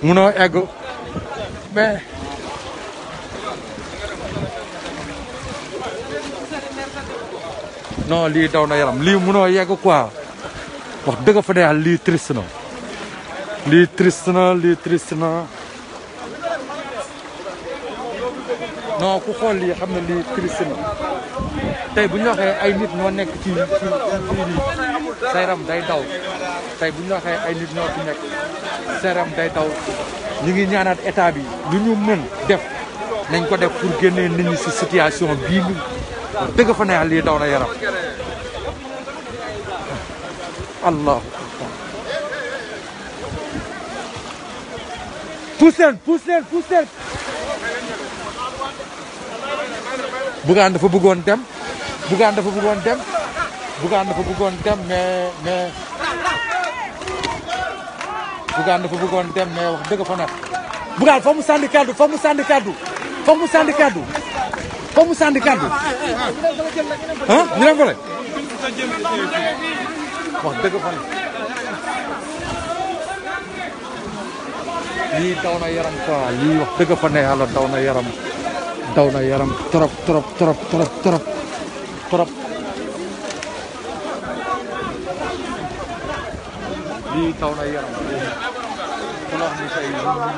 munoo egg egg mais. non lii daw na yaram lii munoo yegg quoi wax dëgg fa ne lii triste na lii triste na lii triste na ku xool lii xam ne lii triste na. tey bu ñu waxee ay nit ñoo nekk ci ci sa yaram day daw tey bu ñu waxee ay nit ñoo nekk sa yaram day daw ñu ngi ñaanaat état bi lu ñu mën def nañ ko def pour génnee nit ñi si situation bii ñu dëgg fa neex lii daw na yaram allahu akbar pousse leen pousse leen pousse dafa bëggoon dem Bougane dafa bëggoon dem Bougane dafa bëggoon dem mais mais Bougane dafa bëggoon dem mais wax dëgg fa nag Bougane foo mu sànni kaddu foo mu sànni kaddu foo mu sànni kaddu foo mu sànni wax dëgg fa nag daw na yaram quoi lii wax dëgg fa ne yàlla daw na yaram daw na trop lii taw na yaram